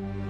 you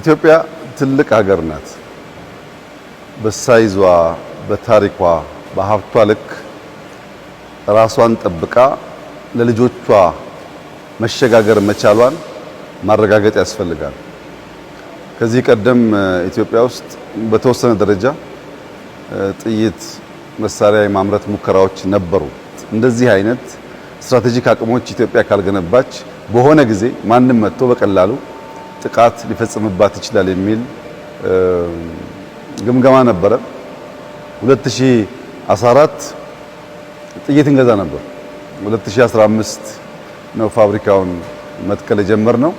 ኢትዮጵያ ትልቅ ሀገር ናት። በሳይዟ፣ በታሪኳ፣ በሀብቷ ልክ ራሷን ጠብቃ ለልጆቿ መሸጋገር መቻሏን ማረጋገጥ ያስፈልጋል። ከዚህ ቀደም ኢትዮጵያ ውስጥ በተወሰነ ደረጃ ጥይት መሳሪያ የማምረት ሙከራዎች ነበሩ። እንደዚህ አይነት ስትራቴጂክ አቅሞች ኢትዮጵያ ካልገነባች በሆነ ጊዜ ማንም መጥቶ በቀላሉ ጥቃት ሊፈጽምባት ይችላል የሚል ግምገማ ነበረ። 2014 ጥይት እንገዛ ነበር። 2015 ነው ፋብሪካውን መትከል የጀመር ነው።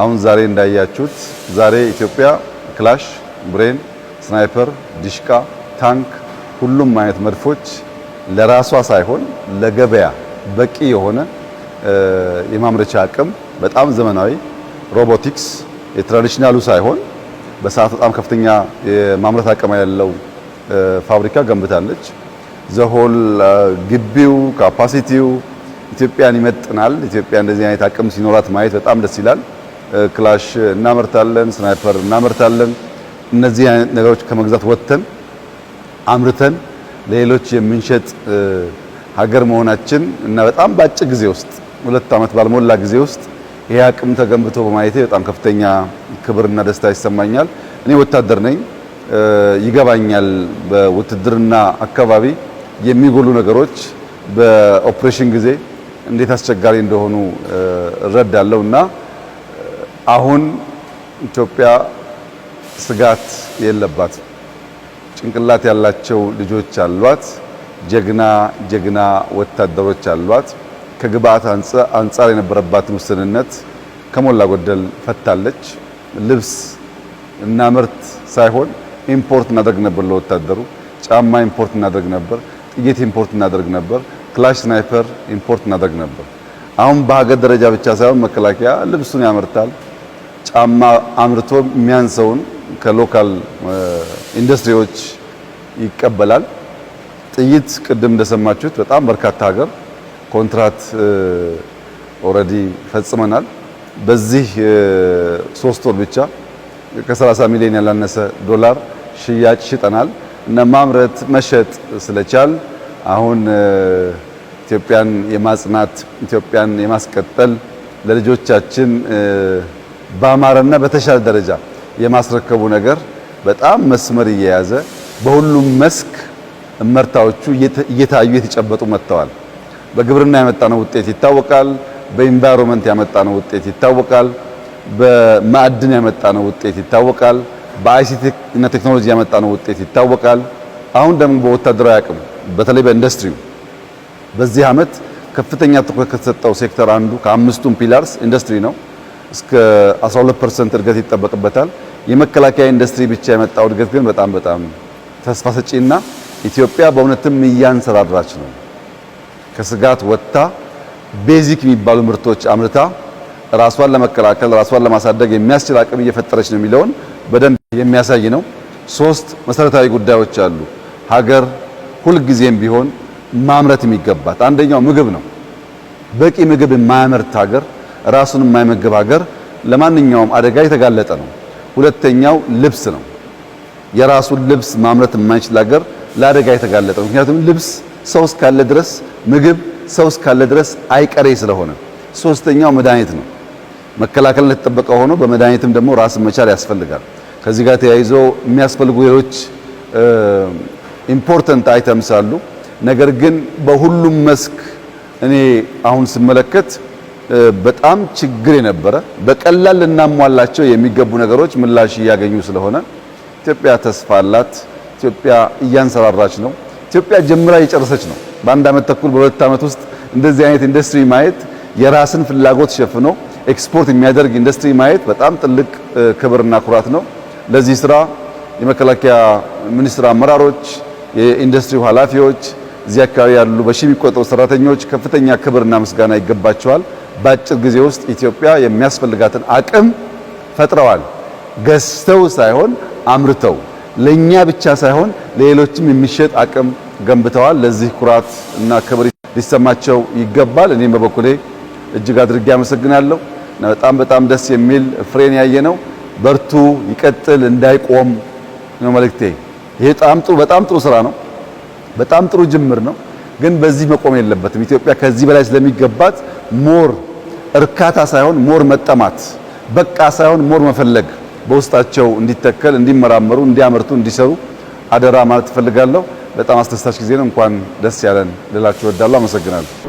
አሁን ዛሬ እንዳያችሁት ዛሬ ኢትዮጵያ ክላሽ፣ ብሬን፣ ስናይፐር፣ ዲሽቃ፣ ታንክ ሁሉም አይነት መድፎች ለራሷ ሳይሆን ለገበያ በቂ የሆነ የማምረቻ አቅም በጣም ዘመናዊ ሮቦቲክስ የትራዲሽናሉ ሳይሆን በሰዓት በጣም ከፍተኛ የማምረት አቅም ያለው ፋብሪካ ገንብታለች። ዘሆል ግቢው ካፓሲቲው ኢትዮጵያን ይመጥናል። ኢትዮጵያ እንደዚህ አይነት አቅም ሲኖራት ማየት በጣም ደስ ይላል። ክላሽ እናመርታለን፣ ስናይፐር እናመርታለን። እነዚህ አይነት ነገሮች ከመግዛት ወጥተን አምርተን ለሌሎች የምንሸጥ ሀገር መሆናችን እና በጣም በአጭር ጊዜ ውስጥ ሁለት ዓመት ባልሞላ ጊዜ ውስጥ ይህ አቅም ተገንብቶ በማየቴ በጣም ከፍተኛ ክብርና ደስታ ይሰማኛል። እኔ ወታደር ነኝ፣ ይገባኛል። በውትድርና አካባቢ የሚጎሉ ነገሮች በኦፕሬሽን ጊዜ እንዴት አስቸጋሪ እንደሆኑ እረዳለሁ እና አሁን ኢትዮጵያ ስጋት የለባት። ጭንቅላት ያላቸው ልጆች አሏት። ጀግና ጀግና ወታደሮች አሏት። ከግብአት አንጻር የነበረባትን ውስንነት ከሞላ ጎደል ፈታለች። ልብስ እና ምርት ሳይሆን ኢምፖርት እናደርግ ነበር፣ ለወታደሩ ጫማ ኢምፖርት እናደርግ ነበር፣ ጥይት ኢምፖርት እናደርግ ነበር፣ ክላሽ ስናይፐር ኢምፖርት እናደርግ ነበር። አሁን በሀገር ደረጃ ብቻ ሳይሆን መከላከያ ልብሱን ያመርታል። ጫማ አምርቶ የሚያንሰውን ከሎካል ኢንዱስትሪዎች ይቀበላል። ጥይት ቅድም እንደሰማችሁት በጣም በርካታ ሀገር ኮንትራት ኦልሬዲ ፈጽመናል። በዚህ ሶስት ወር ብቻ ከ30 ሚሊዮን ያላነሰ ዶላር ሽያጭ ሽጠናል እና ማምረት መሸጥ ስለቻል አሁን ኢትዮጵያን የማጽናት ኢትዮጵያን የማስቀጠል ለልጆቻችን በአማረና በተሻለ ደረጃ የማስረከቡ ነገር በጣም መስመር እየያዘ በሁሉም መስክ እመርታዎቹ እየታዩ እየተጨበጡ መጥተዋል። በግብርና ያመጣነው ውጤት ይታወቃል። በኢንቫይሮንመንት ያመጣነው ውጤት ይታወቃል። በማዕድን ያመጣነው ውጤት ይታወቃል። በአይሲቲ እና ቴክኖሎጂ ያመጣነው ውጤት ይታወቃል። አሁን ደግሞ በወታደራዊ አቅም በተለይ በኢንዱስትሪው በዚህ ዓመት ከፍተኛ ትኩረት ከተሰጠው ሴክተር አንዱ ከአምስቱም ፒላርስ ኢንዱስትሪ ነው። እስከ 12% እድገት ይጠበቅበታል። የመከላከያ ኢንዱስትሪ ብቻ የመጣው እድገት ግን በጣም በጣም ተስፋ ሰጪና ኢትዮጵያ በእውነትም እያንሰራራች ነው። ከስጋት ወጥታ ቤዚክ የሚባሉ ምርቶች አምርታ ራሷን ለመከላከል ራሷን ለማሳደግ የሚያስችል አቅም እየፈጠረች ነው የሚለውን በደንብ የሚያሳይ ነው። ሶስት መሰረታዊ ጉዳዮች አሉ ሀገር ሁልጊዜም ቢሆን ማምረት የሚገባት። አንደኛው ምግብ ነው። በቂ ምግብ የማያመርት ሀገር፣ ራሱን የማይመግብ ሀገር ለማንኛውም አደጋ የተጋለጠ ነው። ሁለተኛው ልብስ ነው። የራሱን ልብስ ማምረት የማይችል ሀገር ለአደጋ የተጋለጠ ነው ምክንያቱም ልብስ ሰው እስካለ ድረስ ምግብ፣ ሰው እስካለ ድረስ አይቀሬ ስለሆነ፣ ሶስተኛው መድኃኒት ነው። መከላከል እንደተጠበቀ ሆኖ በመድኃኒትም ደግሞ ራስን መቻል ያስፈልጋል። ከዚህ ጋር ተያይዞ የሚያስፈልጉ ሌሎች ኢምፖርተንት አይተምስ አሉ። ነገር ግን በሁሉም መስክ እኔ አሁን ስመለከት በጣም ችግር የነበረ በቀላል ልናሟላቸው የሚገቡ ነገሮች ምላሽ እያገኙ ስለሆነ ኢትዮጵያ ተስፋ አላት። ኢትዮጵያ እያንሰራራች ነው። ኢትዮጵያ ጀምራ እየጨረሰች ነው። በአንድ ዓመት ተኩል በሁለት ዓመት ውስጥ እንደዚህ አይነት ኢንዱስትሪ ማየት የራስን ፍላጎት ሸፍኖ ኤክስፖርት የሚያደርግ ኢንዱስትሪ ማየት በጣም ትልቅ ክብርና ኩራት ነው። ለዚህ ስራ የመከላከያ ሚኒስትር አመራሮች፣ የኢንዱስትሪው ኃላፊዎች፣ እዚህ አካባቢ ያሉ በሺ የሚቆጠሩ ሰራተኞች ከፍተኛ ክብርና ምስጋና ይገባቸዋል። በአጭር ጊዜ ውስጥ ኢትዮጵያ የሚያስፈልጋትን አቅም ፈጥረዋል። ገዝተው ሳይሆን አምርተው ለኛ ብቻ ሳይሆን ለሌሎችም የሚሸጥ አቅም ገንብተዋል። ለዚህ ኩራት እና ክብር ሊሰማቸው ይገባል። እኔም በበኩሌ እጅግ አድርጌ አመሰግናለሁ። በጣም በጣም ደስ የሚል ፍሬን ያየ ነው። በርቱ፣ ይቀጥል፣ እንዳይቆም ነው መልእክቴ። ይሄ በጣም ጥሩ ስራ ነው። በጣም ጥሩ ጅምር ነው። ግን በዚህ መቆም የለበትም። ኢትዮጵያ ከዚህ በላይ ስለሚገባት ሞር እርካታ ሳይሆን ሞር መጠማት፣ በቃ ሳይሆን ሞር መፈለግ በውስጣቸው እንዲተከል፣ እንዲመራመሩ፣ እንዲያመርቱ፣ እንዲሰሩ አደራ ማለት እፈልጋለሁ። በጣም አስደሳች ጊዜ ነው። እንኳን ደስ ያለን ልላችሁ እወዳለሁ። አመሰግናለሁ።